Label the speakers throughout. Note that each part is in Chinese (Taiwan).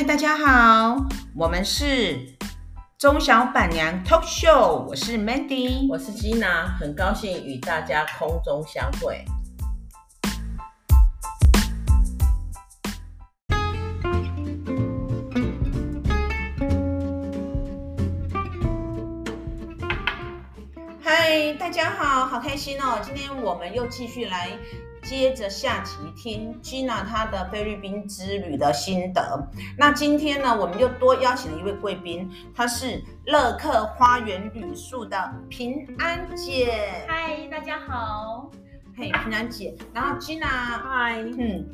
Speaker 1: 嗨，Hi, 大家好，我們是中小板娘 Talk Show，我是 Mandy，我是 Gina，很高興與大家空中相會。嗨、嗯，Hi, 大家好，好開心哦，今天我們又繼續來。接着下集聽 Gina 她的菲律賓之旅的心得。那今天呢，我們就多邀請了一位貴賓，她是樂客花園旅宿的平安姐。嗨，大家好。嘿，hey, 平安姐。然後 Gina，嗨 Hi，嗯。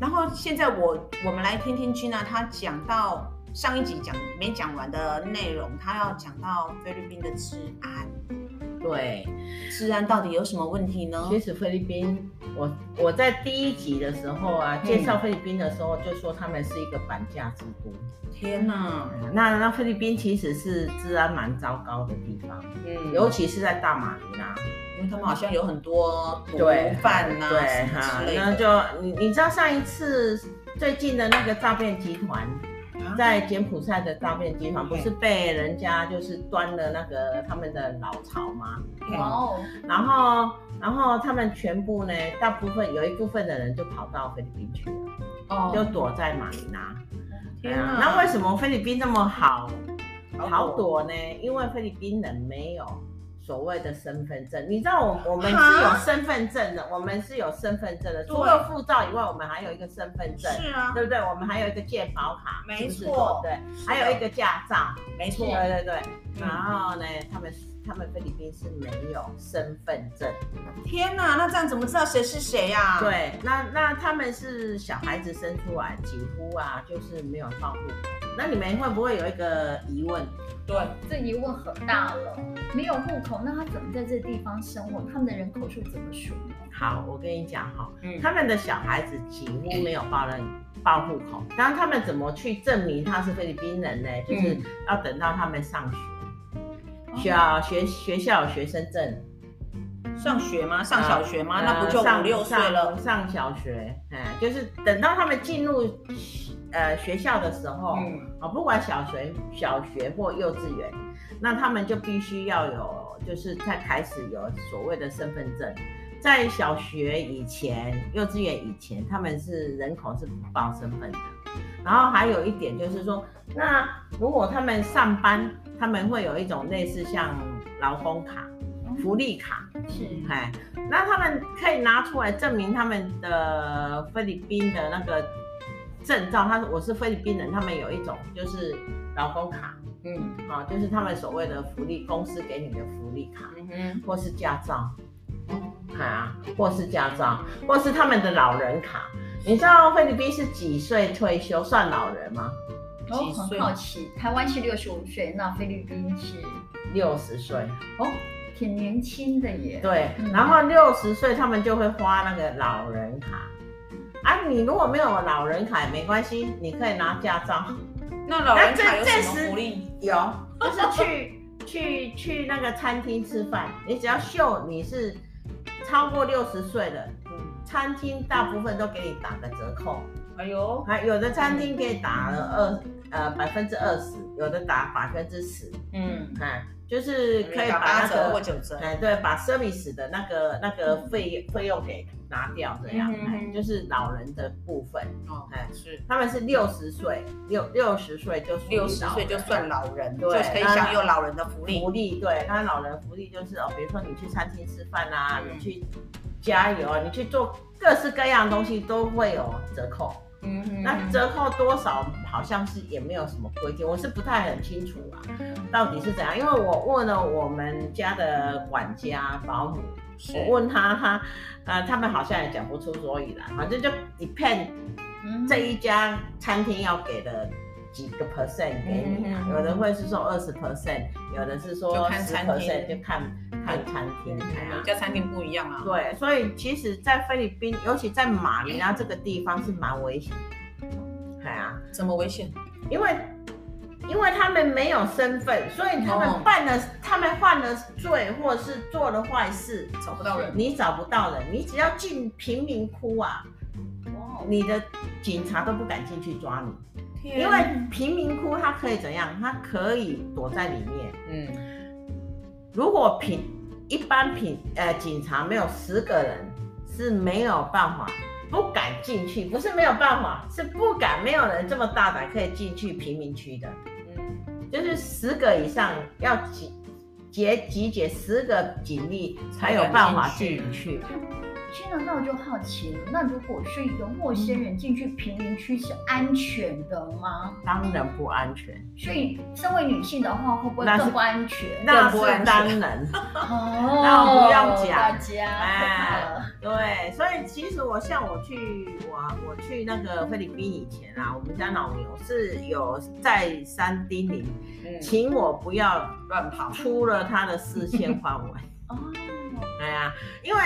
Speaker 1: 然後現在我我們來聽聽 Gina，她講到上一集講沒講完的內容，她要講到菲律賓的治安。對，治安到底有什麼問題呢？其實菲律賓，我我在第一集的時候啊，介紹菲律賓的時候、嗯、就說他們是一個綁架之都。天哪，嗯、那那菲律賓其實是治安蠻糟糕的地方，嗯，尤其是在大馬尼拉、嗯，因為他們好像有很多毒販吶，對，之類的。那就你你知道上一次最近的那個詐騙集團？在柬埔寨的詐騙集團不是被人家就是端了那個他們的老巢嗎？哦、oh. 嗯，然後然後他們全部呢，大部分有一部分的人就跑到菲律賓去了，哦，oh. 就躲在馬尼拉。天啊、嗯！那為什麼菲律賓那麼好好躲呢？躲因為菲律賓人沒有。所謂的身份證，你知道我我們是有身份證的，我們是有身份證的，除了護照以外，我們還有一個身份證，是啊，對不對？我們還有一個健保卡，沒錯錯，對，的還有一個駕照，沒錯的，對對對，的然後呢，嗯、他們。他們菲律賓是沒有身份證的，天哪、啊，那這樣怎麼知道誰是誰呀、啊？對，那那他們是小孩子生出來，幾乎啊就是沒有報戶口。那你們會不會有一個疑問？對，嗯、這疑問很大了，
Speaker 2: 沒有戶口，那他怎麼在這地方生活？他們的人口數怎麼數？
Speaker 1: 好，我跟你講哈、哦，嗯、他們的小孩子幾乎沒有報人報戶口，當他們怎麼去證明他是菲律賓人呢？就是要等到他們上學，小學學校有學生證，上學嗎？上小學嗎？呃、那不就五六歲了上上？上小學，哎、嗯，就是等到他們進入學呃學校的時候，啊、嗯哦，不管小學、小學或幼稚園，那他們就必須要有，就是在開始有所謂的身份證。在小學以前、幼稚園以前，他們是人口是不報身份證。然後還有一點就是說，那如果他們上班，他們會有一種類似像勞工卡、福利卡，是嗨，那他們可以拿出來證明他們的菲律賓的那個證照。他說我是菲律賓人，他們有一種就是勞工卡，嗯，啊，就是他們所謂的福利公司給你的福利卡，嗯哼，或是駕照，看啊，或是駕照，或是他們的老人卡。你知道菲律賓是幾歲退休算老人嗎？我很、哦哦、好，好奇，台灣是六
Speaker 2: 十五歲，那菲
Speaker 1: 律賓是六十歲哦，挺
Speaker 2: 年輕的耶。對，
Speaker 1: 嗯、然後六十歲他們就會花那個老人卡。啊，你如果沒有老人卡也沒關係，你可以拿駕照。嗯、那
Speaker 2: 老人卡有什麼福利？就是、
Speaker 1: 有，就是去 去去那個餐廳吃飯，你只要秀你是超過六十歲的。嗯餐廳大部分都給你打個折扣，哎呦，有的餐廳可以打二呃百分之二十，有的打百分之十，嗯，就是可以把那個哎對，把 service 的那個那個費費用給拿掉，這樣，就是老人的部分，哦，哎是，他們是六十歲六六十歲就六十歲就算老人，對，可以享有老人的福利，福利，對，那老人福利就是哦，比如說你去餐廳吃飯啊。你去。加油啊！你去做各式各樣的東西都會有折扣，嗯，嗯，嗯，那折扣多少好像是也沒有什麼規定，我是不太很清楚啊，嗯嗯到底是怎樣？因為我問了我們家的管家、保姆，是我問他，他呃，他們好像也講不出所以然，反正就一片這一家餐廳要給的。幾個 percent 給你，有的會是說二十 percent，有的是說十 percent，就看看餐廳。每呀、啊，家餐廳不一樣啊。對，所以其實，在菲律賓，尤其在馬尼拉這個地方是蠻危險的。哎呀、啊，怎麼危險？因為因為他們沒有身份，所以他們犯了、哦、他們犯了罪，或者是做了壞事，找不到人。你找不到人，你只要進貧民窟啊，哦、你的警察都不敢進去抓你。因為貧民窟，它可以怎樣？它可以躲在裡面。嗯，如果平，一般品，呃，警察沒有十個人是沒有辦法，不敢進去。不是沒有辦法，是不敢，沒有人這麼大膽可以進去貧民區的。嗯，就是十個以上要集結，集結十個警力才有辦法進去。
Speaker 2: 聽到那我就好奇了，那如果是一個陌生人進去貧民區，是安全的嗎？當然
Speaker 1: 不安全。所
Speaker 2: 以，身為女性的話，會不會更不安
Speaker 1: 全？那當然。哦。那不要講。哎，對。所以，其實我像我去我我去那個菲律賓以前啊，我們家老牛是有再三叮嚀，請我不要亂跑，出了他的視線範圍。哦。對啊，因為。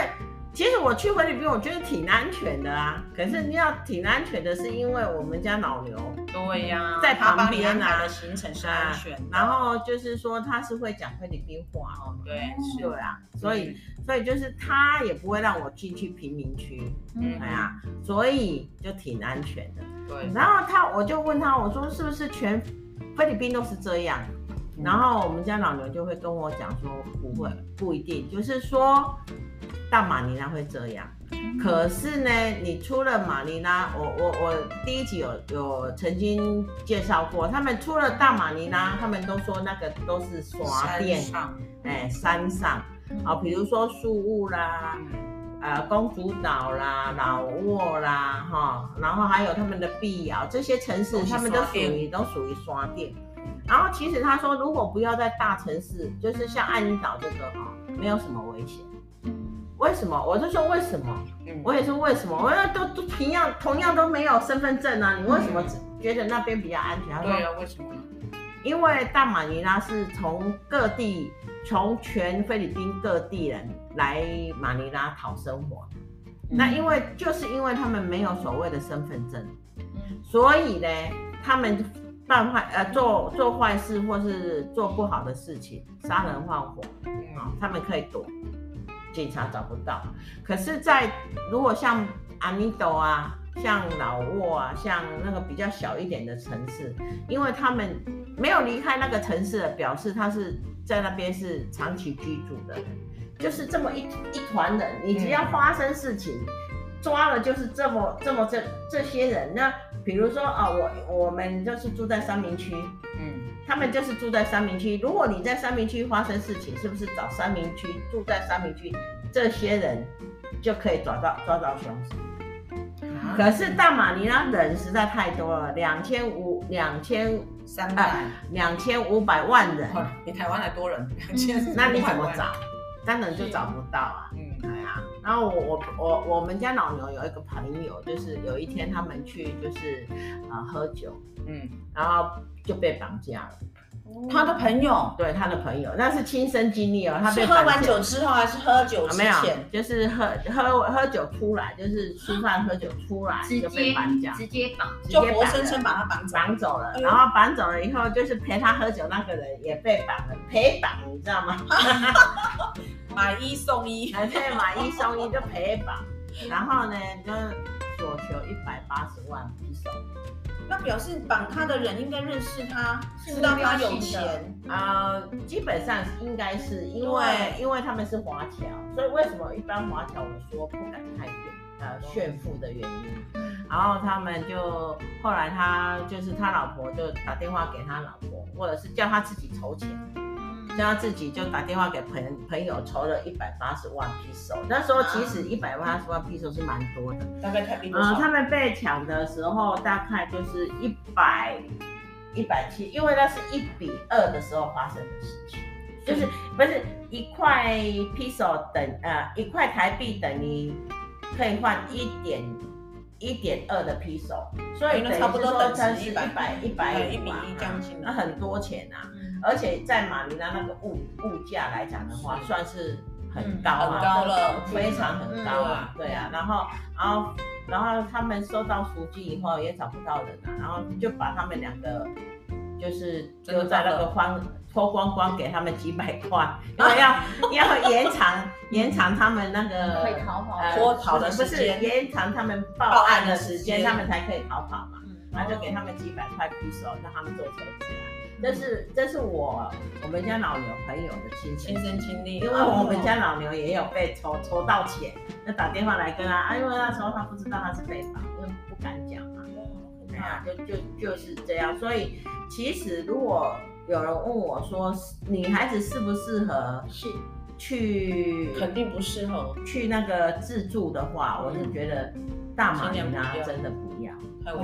Speaker 1: 其實我去菲律賓，我覺得挺安全的啊。可是你要挺安全的，是因為我們家老劉，對呀，在旁邊拿行程安全，啊。然後就是說他是會講菲律賓話哦，對是啊，嗯、所以所以就是他也不會讓我進去貧民區，哎呀、嗯啊，所以就挺安全的。對，然後他我就問他，我說是不是全菲律賓都是這樣？嗯、然後我們家老劉就會跟我講說，不會，不一定，就是說。大馬尼拉會這樣，可是呢，你出了馬尼拉，我我我第一集有有曾經介紹過，他們出了大馬尼拉，他們都說那個都是刷電上、欸，山上，啊、哦，比如說宿霧啦、呃，公主島啦，老沃啦，哈、哦，然後還有他們的碧瑤，這些城市他們都屬於店都屬於刷電，然後其實他說，如果不要在大城市，就是像愛妮島這個哈、哦，沒有什麼危險。為什麼？我是說為什麼？嗯、我也是為什麼？嗯、我們都都同樣同樣都沒有身份證啊！你為什麼只覺得那邊比較安全？嗯、他說：對啊，為什麼？因為大馬尼拉是從各地，從全菲律賓各地人來馬尼拉討生活。嗯、那因為就是因為他們沒有所謂的身份證，嗯、所以呢，他們辦壞呃做做壞事或是做不好的事情，殺人放火啊，嗯嗯、他們可以躲。警察找不到，可是，在如果像阿米斗啊，像老沃啊，像那個比較小一點的城市，因為他們沒有離開那個城市了，表示他是在那邊是長期居住的，就是這麼一一團人，你只要發生事情，抓了就是這麼這麼這這些人。那比如說啊、哦，我我們就是住在三民區，嗯。他們就是住在三明區。如果你在三明區發生事情，是不是找三明區住在三明區這些人就可以找到抓到凶手？啊、可是大馬尼拉人實在太多了，兩千五兩千三百兩千五百萬人，比台灣還多人。兩千百萬人，那你怎麼找？人當然就找不到啊。嗯然後、啊、我我我我們家老牛有一個朋友，就是有一天他們去就是啊、呃、喝酒，嗯，然後就被綁架了。他的朋友，嗯、對他的朋友，那是親身經歷哦。他被是喝完酒之後，還是喝酒之前，啊、沒有就是喝喝喝酒出來，就是吃飯喝酒出來，綁架、啊，直接綁，啊、接就活生生把他綁走綁走了。呃、然後綁走了以後，就是陪他喝酒那個人也被綁了，陪綁你知道嗎？ 買一送一啊、哎，買一送一就陪綁。 陪綁然後呢，就索求一百八十萬比索。那表示綁他的人應該認識他，知道他有錢啊。呃，基本上應該是因為對因為他們是華僑，所以為什麼一般華僑我說不敢太遠，呃炫富的原因。然後他們就後來他就是他老婆就打電話給他老婆，或者是叫他自己籌錢。他自己就打電話給朋友，朋友，籌了一百八十萬披索。那時候其實一百八十萬披索、so、是蠻多的，大概台幣多少？嗯，他們被搶的時候大概就是一百一百七，因為那是一比二的時候發生的事情，就是不是一塊披索等呃一塊台幣等於可以換一點。一點二的披索，所以差不多算是一百一百一將近，那很多錢啊，而且在馬尼拉那個物物價來講的話，是算是很高了，啊，很高了，非常很高啊，嗯、啊對啊，然後，然後，然後他們收到贖金以後也找不到人啊，然後就把他們兩個就是丟在那個荒，偷光光給他們幾百塊，然後要要延長延長他們那個逃跑逃跑的時間，延長他們報案的時間，他們才可以逃跑嘛。然後就給他們幾百塊匕首，讓他們坐車回來。這是這是我我們家老牛朋友的親親身經歷，因為我們家老牛也有被抽抽到錢，那打電話來跟他，啊，因為那時候他不知道他是被綁，因為不敢講嘛。對啊，就就就是這樣。所以其實如果。有人問我說：“女孩子適不適合去？肯定不適合去，那個自助的話，嗯、我是覺得大馬尼拉真的不要，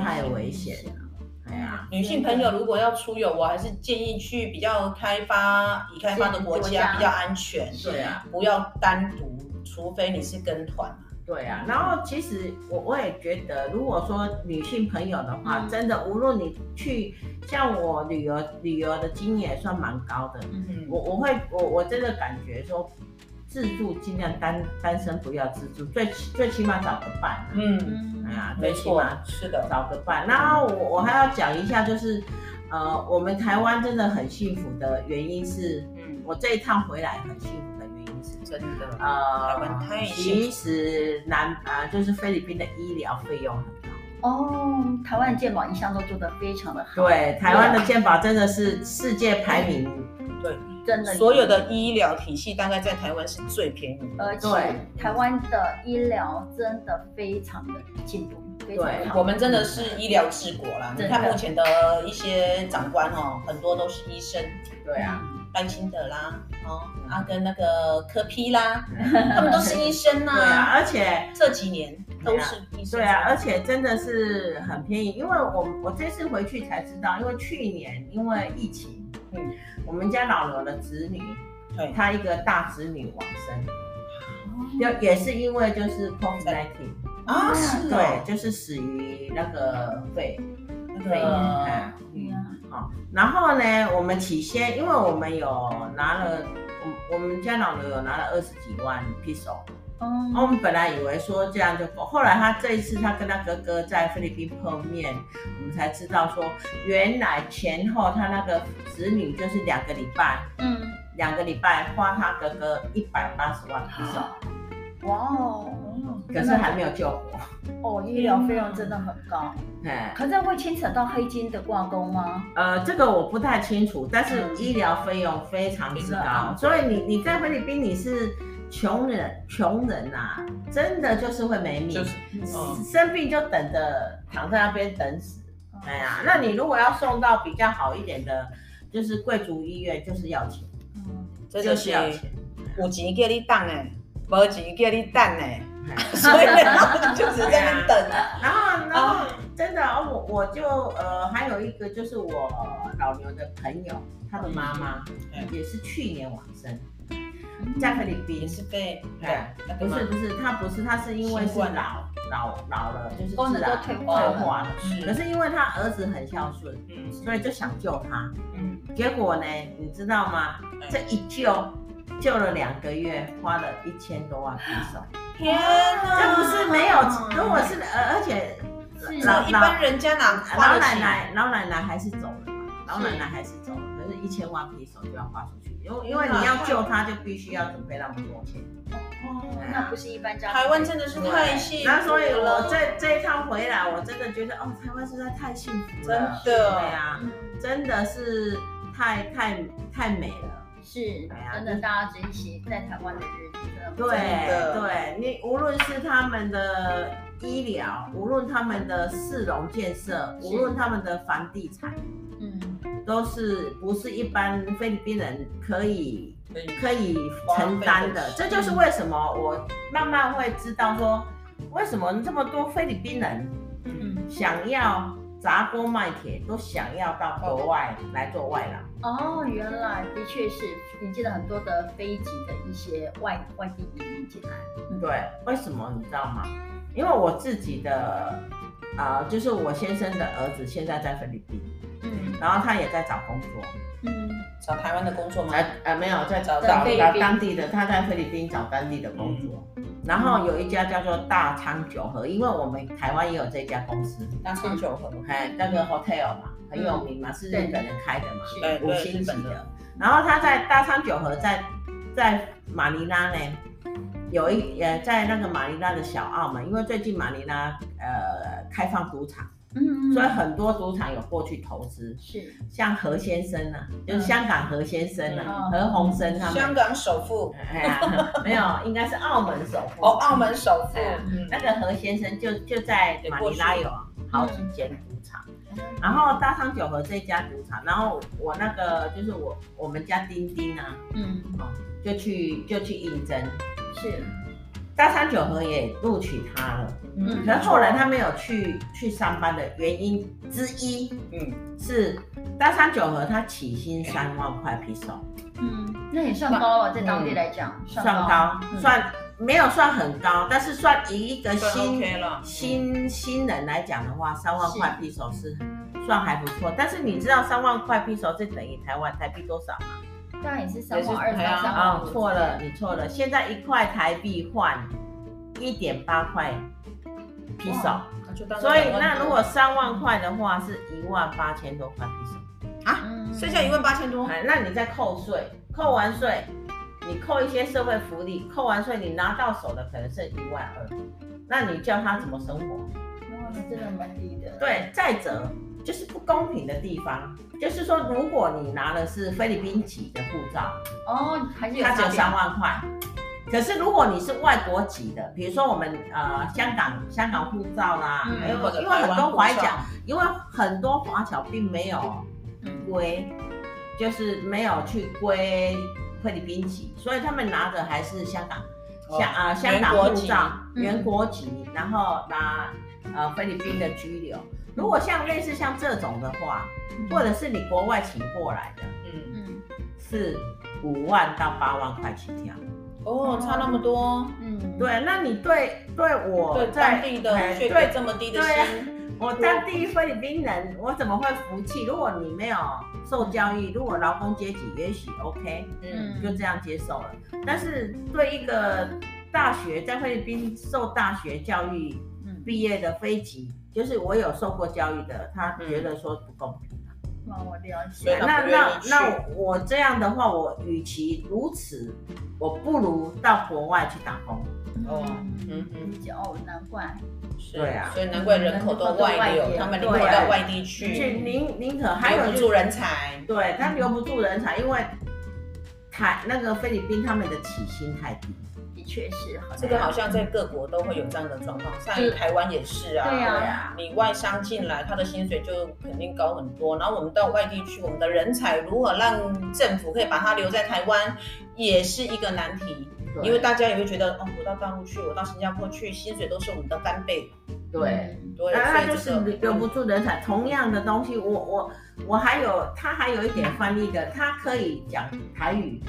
Speaker 1: 太危險了。女性朋友如果要出遊，我還是建議去比較開發、已開發的國家比較安全。對啊，對啊，不要單獨，除非你是跟團。”對啊，然後其實我我也覺得，如果說女性朋友的話，嗯、真的無論你去像我旅遊，旅遊的經驗也算蠻高的。嗯哼我我會我我真的感覺說，自助儘量單單身不要自助，最最起碼找個伴。嗯啊，哎呀、嗯，啊、沒錯，最起碼，是的，找個伴。然後我我還要講一下，就是呃，我們台灣真的很幸福的原因是，嗯，我這一趟回來很幸福。真的呃，台其實南啊、呃、就是菲律賓的醫療費用很
Speaker 2: 高。哦，台灣健保一向都做得非常的好。對，台灣的健
Speaker 1: 保真的是世界排名，對，對對真的所有的醫療體系大概在台灣是最便宜的。而且對，
Speaker 2: 台灣的醫療真的非常的
Speaker 1: 進步，對我們真的是醫療治國啦，的你看目前的一些長官哦、喔，很多都是醫生。嗯、對啊。班清德啦，哦，啊，跟那個科皮啦，他們都是醫生吶，而且這幾年都是醫生，對啊，而且真的是很便宜，因為我我這次回去才知道，因為去年因為疫情，嗯，我們家老羅的姪女，對，他一個大姪女往生。哦，也是因為就是 COVID nineteen 啊，對，就是死於那個肺，對啊，嗯。然後呢，我們起先，因為我們有拿了，我，我們家老劉有拿了二十幾萬 pesos，嗯，我們本來以為說這樣就夠，後來他這一次他跟他哥哥在菲律賓碰面，我們才知道說，原來前後他那個子女就是兩個禮拜，嗯，兩個禮拜花他哥哥一百八十萬 pesos，
Speaker 2: 哇哦。可是還沒有救活哦，醫療費用真的很高。哎，可是會牽扯到黑金的掛鈎嗎？
Speaker 1: 呃，這個我不太清楚，但是醫療費用非常之高。所以你你在菲律賓你是窮人，窮人啊，真的就是會沒命，生病就等着躺在那邊等死。哎呀，那你如果要送到比較好一點的，就是貴族醫院，就是要錢。嗯，這就是有錢叫你等哎，沒錢叫你等哎。所以，然後就是在那邊等。然後，然後真的，我我就呃，還有一個就是我老劉的朋友，他的媽媽也是去年往生。加克里比是被對，不是不是，他不是他是因為是老老老了，就是自然退化了，可是因為他兒子很孝順，嗯，所以就想救他，結果呢，你知道嗎？這一救救了兩個月，花了一千多萬美手天哪，這不是沒有，如果、哦、是而、呃、而且、啊、老老人家、啊、老老奶奶老奶奶還是走了嘛，是老奶奶還是走了，可是，一千萬披索就要花出去，因為因為你要救他，就必須要準備那麼多錢。哦，那不是一般家庭。啊、台灣真的是太幸福了，那所以我這這一趟回來，我真的覺得哦，台灣實在太幸福了，真的呀、對啊，真的是太太太美了。是，真的，大家珍惜在台灣的日子。對，對你，無論是他們的醫療，無論他們的市容建設，是無論他們的房地產，嗯，都是不是一般菲律賓人可以、嗯、可以承擔的。這就是為什麼我慢慢會知道說，為什麼這麼多菲律賓人，想要。砸鍋賣鐵都想要到國外來做外勞
Speaker 2: 哦，Okay. Oh, 原來的確是引進了很多的非籍的一些外外地移民進
Speaker 1: 來。對，為什麼你知道嗎？因為我自己的啊、呃，就是我先生的兒子現在在菲律賓，嗯，然後他也在找工作，嗯，找台灣的工作嗎？呃，沒有，在找對找，找當地的，他在菲律賓找當地的工作。嗯然後有一家叫做大倉久和，因為我們台灣也有這家公司，是大倉久和，開那個 hotel 嘛，很有名嘛，對是日本人開的嘛，對對五星級的。然後他在大倉久和在在馬尼拉呢，有一呃在那個馬尼拉的小澳門，因為最近馬尼拉呃開放賭場。嗯，嗯，所以很多賭場有過去投資，是的像何先生呢、啊，就是香港何先生呢，何鴻燊啊，香港首富，哎呀，沒有，應該是澳門首富哦，澳門首富，哎、那個何先生就就在馬尼拉有、啊、好幾間賭場，嗯、然後大昌九和這一家賭場，然後我那個就是我我們家丁丁啊，嗯，嗯就，就去就去應徵，是。大三九和也錄取他了，嗯，可是後來他沒有去、啊、去上班的原因之一，嗯，是大三九和他起薪三萬塊比索。嗯，那
Speaker 2: 也
Speaker 1: 算高了、啊，算在當地來講，嗯、算高，嗯、算沒有算很高，但是算以一個新、OK、新新人來講的話，三萬塊比索是算還不錯。是但是你知道三萬塊比索這等於台灣台幣多少嗎、啊？
Speaker 2: 也是要三萬二，
Speaker 1: 啊、哦，錯了，你錯了。嗯、現在一塊台幣換一點八塊披薩，所以那如果三萬塊的話，是一萬八千多塊披薩。啊，嗯、剩下一萬八千多塊、嗯嗯，那你再扣稅，扣完稅，你扣一些社會福利，扣完稅，你拿到手的可能剩一萬二，那你叫他怎麼生活？一萬二真的蠻低的。對，再折。就是不公平的地方，就是說，如果你拿的是菲律賓籍的護照，哦，
Speaker 2: 還有差別，他只有三萬
Speaker 1: 塊，可是如果你是外國籍的，比如說我們呃香港香港護照啦，因為很多華僑，因為很多華僑並沒有歸，嗯、就是沒有去歸菲律賓籍，所以他們拿的還是香港香啊、呃、香港護照原國籍，然後拿呃菲律賓的居留。如果像類似像這種的話，或者是你國外請過來的，嗯嗯，是五萬到八萬塊起跳。哦，嗯、差那麼多。嗯，對、啊。那你對對我對當地的薪對這麼低的薪、啊，我當地菲律賓人，我怎麼會服氣？如果你沒有受教育，如果勞工階級也許 OK，嗯，就這樣接受了。但是對一個大學在菲律賓受大學教育畢、嗯、業的菲籍就是我有受過教育的，他覺得說不公
Speaker 2: 平啊。那
Speaker 1: 我這樣的話，我與其如此，我不如到國外去打工。哦，嗯嗯。哦，
Speaker 2: 難怪。
Speaker 1: 對啊，所以難怪人口都外流，他們寧願到外地去。去寧寧可還有留不住人才。對，他留不住人才，因為台那個菲律賓他們的起薪太低。確實，好像這個好像在各國都會有這樣的狀況，在台灣也是啊。對，對啊，你外商進來，他的薪水就肯定高很多。然後我們到外地去，我們的人才如何讓政府可以把他留在台灣，嗯、也是一個難題。對因為大家也會覺得，哦，我到大陸去，我到新加坡去，薪水都是我們的翻倍對、嗯。對對。啊、所以就是留留不住人才。同樣的東西，我我我還有，他還有一點翻譯的，他可以講台語、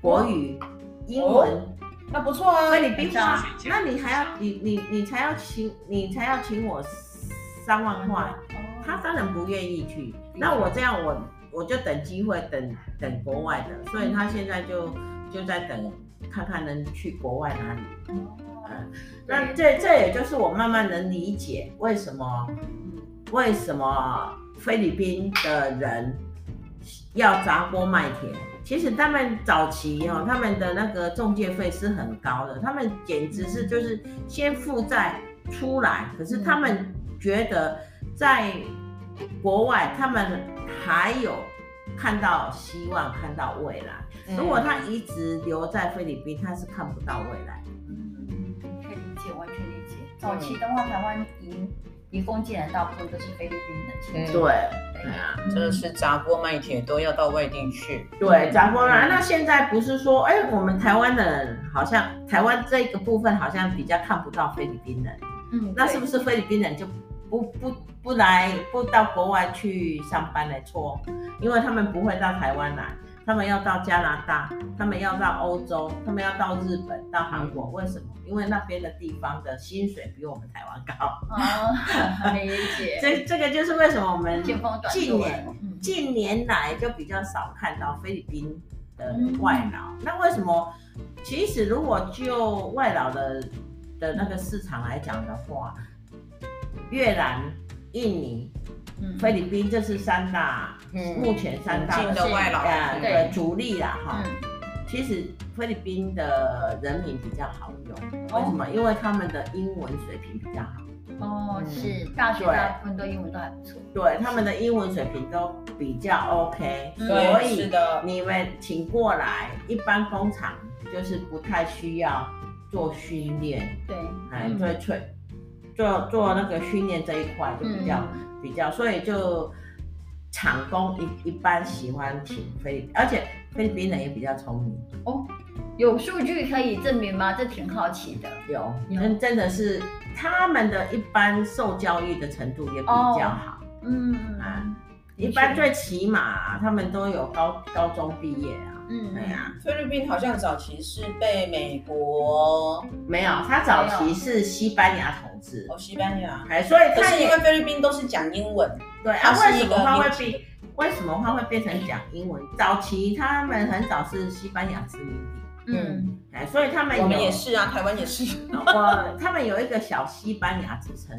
Speaker 1: 國語、嗯、英文。哦那不錯哦，菲律賓的，那你還要你你你才要請你才要請我三萬塊，他當然不願意去。那我這樣我我就等機會，等等國外的，所以他現在就就在等，看看能去國外哪裡。那這這也就是我慢慢能理解為什麼為什麼菲律賓的人要砸鍋賣鐵。其實他們早期哦，他們的那個中介費是很高的，他們簡直是就是先負債出來，嗯、可是他們覺得在國外，他們還有看到希望，看到未來。嗯、如果他一直留在菲律賓，他是看不到未來。嗯，可以理解，完全理解。我
Speaker 2: 完全理解。
Speaker 1: 早期
Speaker 2: 的話，台灣贏移工進來大
Speaker 1: 部分都是菲律賓人去，對啊，這個是砸鍋賣鐵都要到外地去。對，砸鍋了。嗯、那現在不是說，哎、欸，我們台灣人好像台灣這個部分好像比較看不到菲律賓人。嗯，嗯，那是不是菲律賓人就不對不不來不到國外去上班來搓？因為他們不會到台灣來。他們要到加拿大，他們要到歐洲，他們要到日本，到韓國，為什麼？因為那邊的地方的薪水比我們台灣高啊！哦、 這這個就是為什麼我們近年、嗯、近年來就比較少看到菲律賓的外勞。嗯、那為什麼？其實如果就外勞的的那個市場來講的話，越南、印尼。菲律賓這是三大，目前三大外勞啊，呃主力啦哈。其實菲律賓的人民比較好用，為什麼？因為他們的英文水平比較
Speaker 2: 好。哦，是大學大部分都英文都還不錯。對，他
Speaker 1: 們的英文水平都比較 OK，所以你們請過來，一般工廠就是不太需要做訓練，
Speaker 2: 對，來對
Speaker 1: 脆。做做那個訓練這一塊就比較、嗯、比較，所以就廠工一一般喜歡請菲，而且菲律賓人也比較聰明、嗯、哦。有數據可以證明嗎？這挺好奇的。有，你們、嗯、真的是他們的一般受教育的程度也比較好。哦、嗯，啊，一般最起碼、啊、他們都有高高中畢業啊。嗯，對呀、啊，菲律賓好像早期是被美國沒有，他早期是西班牙統治。哦，西班牙，哎，所以他因為菲律賓都是講英文。對啊，為什麼他會變？為什麼他會變成講英文？早期他們很早是西班牙殖民地。
Speaker 2: 嗯，
Speaker 1: 哎，所以他們有我們也是啊，台灣也是。我 他們有一個小西班牙之稱，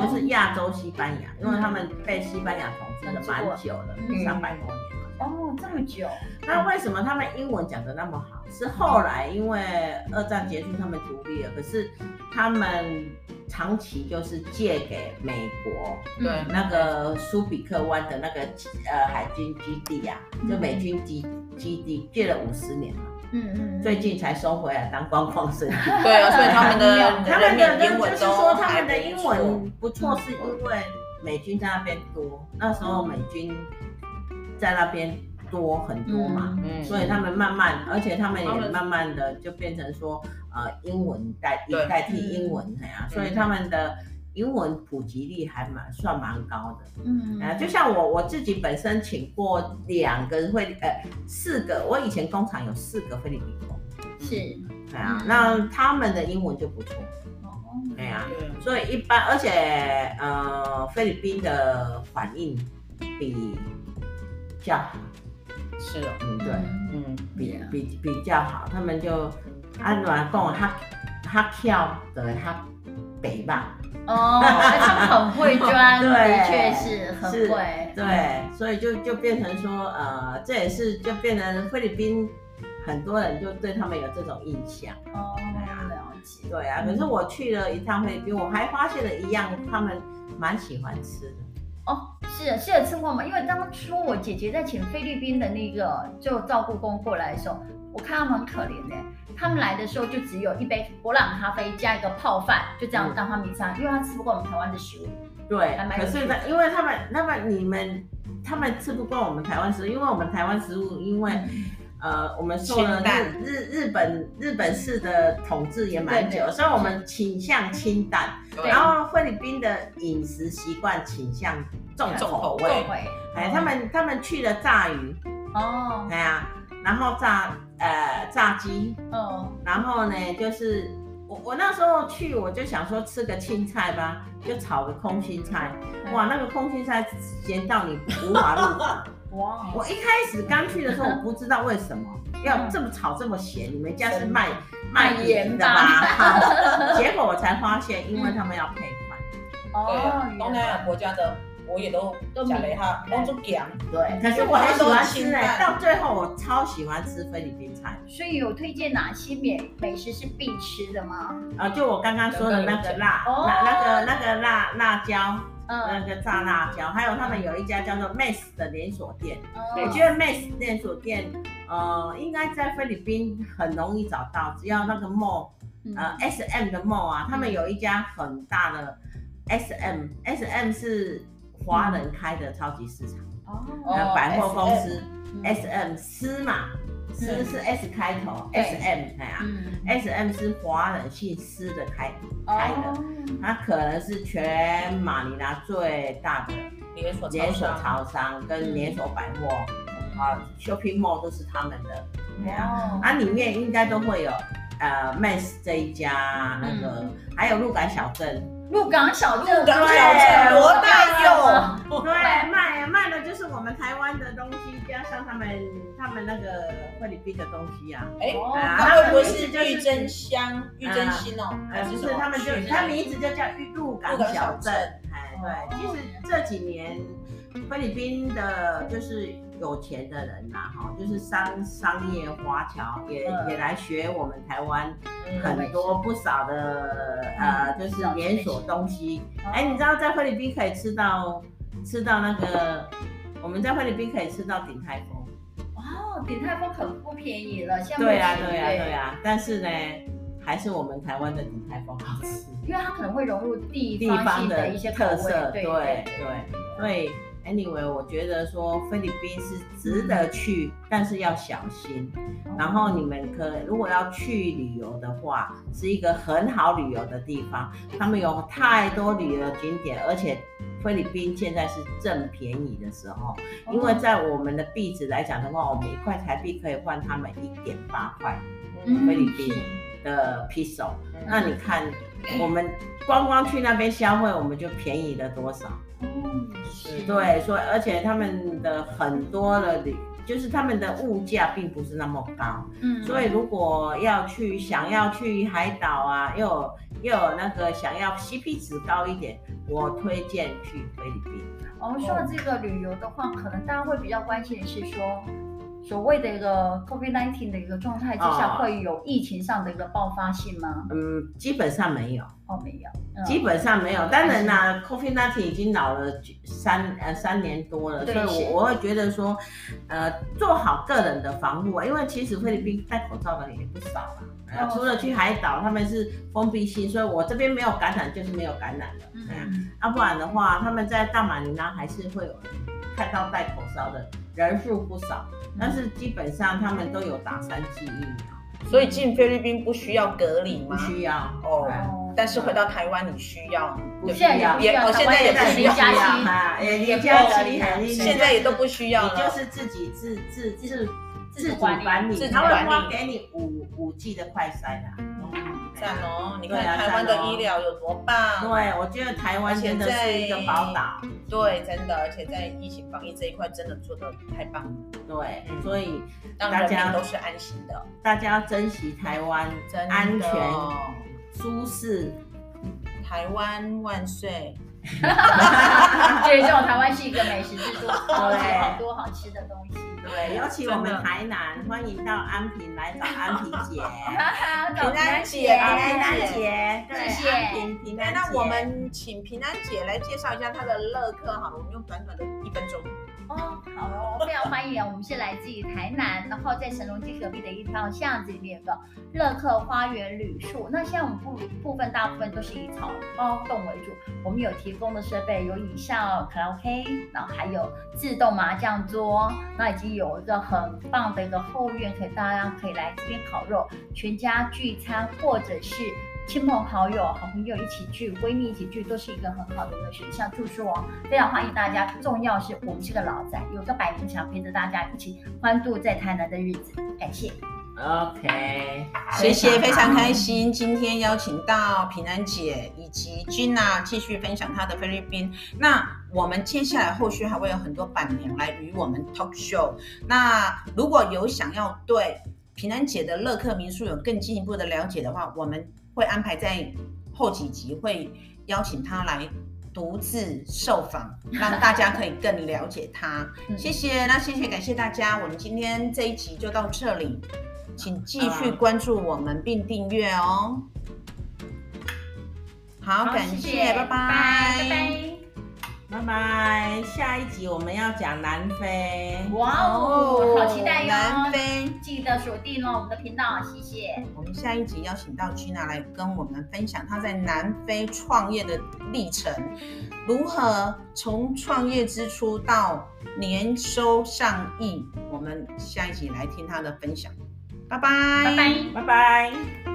Speaker 1: 就是亞洲西班牙，哦、因為他們被西班牙統治了蠻久了，三百、嗯、多年。嗯哦，這麼久，嗯、那為什麼他們英文講得那麼好？是後來因為二戰結束，他們獨立了，可是他們長期就是借給美國，對，那個蘇比克灣的那個呃海軍基地啊，就美軍基基地借了五十年嘛，嗯嗯，最近才收回來當觀光聖地。對啊，所以他們的他們的英文都說就是說他們的英文不錯，是因為美軍在那邊多，嗯、那時候美軍。在那邊多很多嘛，嗯，所以他們慢慢，而且他們也慢慢的就變成說，呃，英文代代替英文樣，所以他們的英文普及率還蠻算蠻高的，嗯，啊，就像我我自己本身請過兩個菲呃四個，我以前工廠有四個菲律賓工，是，對啊，那他們的英文就不錯，哦，對啊，所以一般而且呃菲律賓的反應比。較是的，嗯對，嗯比比比較好，他們就安卵講他他跳對他北吧，哦，他們
Speaker 2: 很會鑽，的確是很會，對，
Speaker 1: 所以就就變成說，呃，這也是就變成菲律賓很多人就對他們有這種印象，哦，了解，對啊，可是我去了一趟菲律賓，我還發現了一樣，他們蠻喜歡吃的，哦。
Speaker 2: 是，是有吃過嘛？因為當初我姐姐在請菲律賓的那個就照顧工過來的時候，我看他們很可憐呢、欸。他們來的時候就只有一杯伯朗咖啡加一個泡飯，就這樣讓他們吃，是因為他吃不慣我們台灣的食物。對，還
Speaker 1: 可是他因為他們，那麼你們他們吃不慣我們台灣食物，因為我們台灣食物因為、嗯。呃，我們受了日淡日日本日本式的統治也蠻久，對對對，所以我們傾向清淡。對對對，然後菲律賓的飲食習慣傾向重口味。重口味。哎、欸，哦、他們他們去了炸魚。哦。對、啊、然後炸呃炸雞。哦。然後呢，就是我我那時候去，我就想說吃個青菜吧，就炒個空心菜。哇，那個空心菜鹹到你無法度。 我一開始剛去的時候，我不知道為什麼要這麼炒這麼鹹，你們家是賣賣鹽的嗎？結果我才發現，因為他們要配飯。哦，東南亞國家的我也都都沒哈，都是鹹。對，可是我還喜歡吃，到最後我超喜歡吃菲律賓菜。
Speaker 2: 所以有推薦哪些美美食是必吃的嗎？
Speaker 1: 啊，就我剛剛說的那個辣，那那個那個。辣椒，那個炸辣椒，嗯、還有他們有一家叫做 Maze 的連鎖店，我對覺得 Maze 連鎖店，呃、應該在菲律賓很容易找到，只要那個 mall，s m all,、呃 SM、的 mall 啊，他們有一家很大的 SM，SM、嗯、SM 是華人開的超級市場，呃、嗯，百貨公司、嗯、，SM 司馬。是是 S 開頭，S M 哎呀，S M 是華人姓施的開開的，它可能是全馬尼拉最大的連鎖、連鎖超商跟連鎖百貨啊，shopping mall 都是他們的，哎呀，啊裡面應該都會有呃 Max 這一家那個還有鹿港小鎮，鹿港小鎮，鹿港小鎮羅大佑，對，賣賣的就是我們台灣的東西。像他們，他們那個菲律賓的東西啊，哎，他不是叫玉珍香、玉珍心哦，哎，不是他們就，他名字就叫玉鹿港小鎮，哎，對，其實這幾年菲律賓的，就是有錢的人吶，哈，就是商商業華僑也也來學我們台灣很多不少的，呃，就是連鎖東西，哎，你知道在菲律賓可以吃到吃到那個。我們在菲律賓可以吃到鼎泰豐，
Speaker 2: 哇，鼎泰豐可不便宜了，像對呀，啊。對呀，啊。對呀，啊
Speaker 1: 對啊。但是呢，還是我們台灣的鼎泰豐好
Speaker 2: 吃，因為它可能會融入地地方的一些特色。
Speaker 1: 對，對對對，Anyway，我覺得說菲律賓是值得去，但是要小心。嗯、然後你們可如果要去旅遊的話，是一個很好旅遊的地方，嗯、他們有太多旅遊景點，而且。菲律賓現在是正便宜的時候，因為在我們的幣值來講的話，我們一塊台幣可以換他們一點八塊菲律賓的皮索。嗯、那你看，我們光光去那邊消費，我們就便宜了多少？嗯、
Speaker 2: 是。
Speaker 1: 對，所以而且他們的很多的旅，就是他們的物價並不是那麼高。嗯、所以如果要去想要去海島啊，又又有那個想要 CP 值高一點，我推薦去菲律
Speaker 2: 賓。我們說到這個旅遊的話，可能大家會比較關心的是說，所謂的一個 COVID nineteen 的一個狀態之下，哦、會有疫情上的一個爆發性嗎？嗯，
Speaker 1: 基本上沒有
Speaker 2: 哦，沒有，嗯、基本上沒有。當然啦
Speaker 1: ，COVID nineteen 已經老了三呃三年多了，對所以我會覺得說，呃，做好個人的防護啊，嗯、因為其實菲律賓戴口罩的也不少嘛、啊。除了去海島，他們是封閉性，所以我這邊沒有感染就是沒有感染的。嗯，要不然的話，他們在大馬尼拉還是會有看到戴口罩的人數不少，但是基本上他們都有打三劑疫苗。所以進菲律賓不需要隔離，不需要哦，但是回到台灣你需要，不需要，我現在也在需要哈，也也假期，現在也都不需要，就是自己自自就是，自主管理，自主管理給你五五 G 的快篩啦，讚哦！你看台灣的醫療有多棒。對，我覺得台灣真的是一個寶島。對，真的，而且在疫情防疫這一塊真的做的太棒了。對，所以大家都是安心的，大家要珍惜台灣真的，安全、舒適。台灣萬歲！而這種台灣是一個美食之都，好吃好多好吃的東西。對，有請我們台南，的歡迎到安平來找安平
Speaker 2: 姐， 好好搞，平安姐，平安姐。對謝謝。那那我們
Speaker 1: 請平安姐來
Speaker 2: 介紹一下她的樂客哈，我們用短短的一分鐘。哦，好哦，非常歡迎。 我們是來自於台南， 然後在神農街隔壁的一條巷子裡面的樂客花園旅宿。那現在我們部部分大部分都是以草包棟為主，我們有提供的設備有以上、哦，卡拉 OK，然後還有自動麻將桌。那已經有一個很棒的一個後院，可以大家可以來這邊烤肉、全家聚餐或者是。親朋好友、好朋友一起聚，閨蜜一起聚，都是一個很好的一個選項。住宿王、哦、非常歡迎大家。重要是我們是個老宅，有個闆娘陪着大家一起歡度在台南的日
Speaker 1: 子。感謝。OK，謝謝，非常，非常開心。今天邀請到平安姐以及 Gina 繼續分享她的菲律賓。那我們接下來後續還會有很多板娘來與我們 talk show。那如果有想要對平安姐的樂客民宿有更進一步的了解的話，我們。會安排在後幾集，會邀請他來獨自受訪，讓大家可以更了解他。 謝謝，那謝謝，感謝大家，我們今天這一集就到這裡，請繼續關注我們並訂閱哦。好，感謝，好，謝謝，拜拜，拜拜。拜拜，bye bye, 下一集我們要講南非，哇 Wow, 哦，好期待、哦、南非，記得鎖定了、哦、我們的頻道，謝謝。我們下一集邀請到 Gina 來跟我們分享她在南非創業的歷程，如何從創業之初到年收上億，我們下一集來聽她的分享。拜拜，拜拜 Bye bye.。